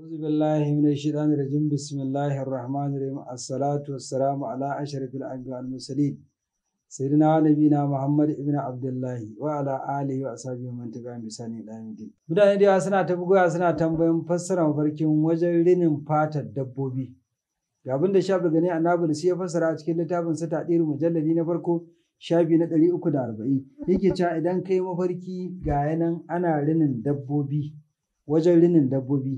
أعوذ بالله من الشيطان الرجيم بسم الله الرحمن الرحيم الصلاة والسلام على أشرف الأنبياء والمرسلين سيدنا نبينا محمد ابن عبد الله وعلى آله وأصحابه من تبعهم بإحسان إلى يوم الدين suna ta bugowa suna tambayan fassara mafarkin wajen rinin fatar dabbobi ga abin da shafi gani annabi sai ya fassara a cikin littafin sa tadiru mujalladi na farko shafi na da arba'in. cewa idan kai mafarki ga yanan ana rinin dabbobi wajen rinin dabbobi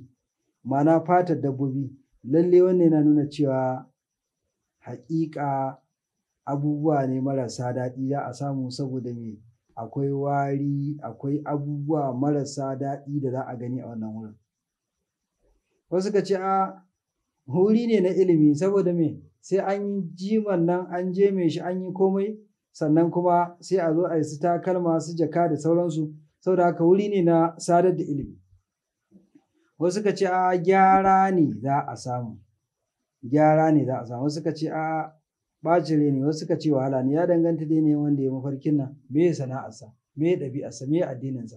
ma'ana fatar dabbobi lalle wannan yana nuna cewa haƙiƙa abubuwa ne marasa daɗi za a samu saboda me akwai wari akwai abubuwa marasa daɗi da za a gani a wannan wurin wasu ka ce a wuri ne na ilimi saboda me sai an ji nan an je me shi an yi komai sannan kuma sai a zo a yi su takalma su jaka da sauransu saboda haka wuri ne na sadar da ilimi wasu ka ce a gyara ne za a samu gyara ne za a samu wasu ka ce a ɓacire ne wasu ka ce wahala ne ya danganta dai ne wanda ya mafarkin nan me sana'arsa me ɗabi'arsa me addininsa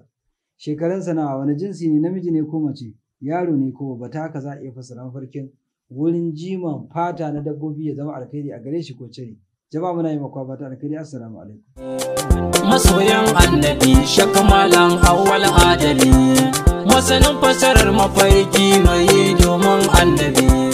shekarun sana'a wani jinsi ne namiji ne ko mace yaro ne ko ta ka za a iya fassara mafarkin wurin jiman fata na dabbobi ya zama alkhairi a gare shi ko cire jama'a muna yi makwa fata alkhairi assalamu alaikum masoyan annabi shakamalan awwal adali masanin fasarar mafarki mai domin annabi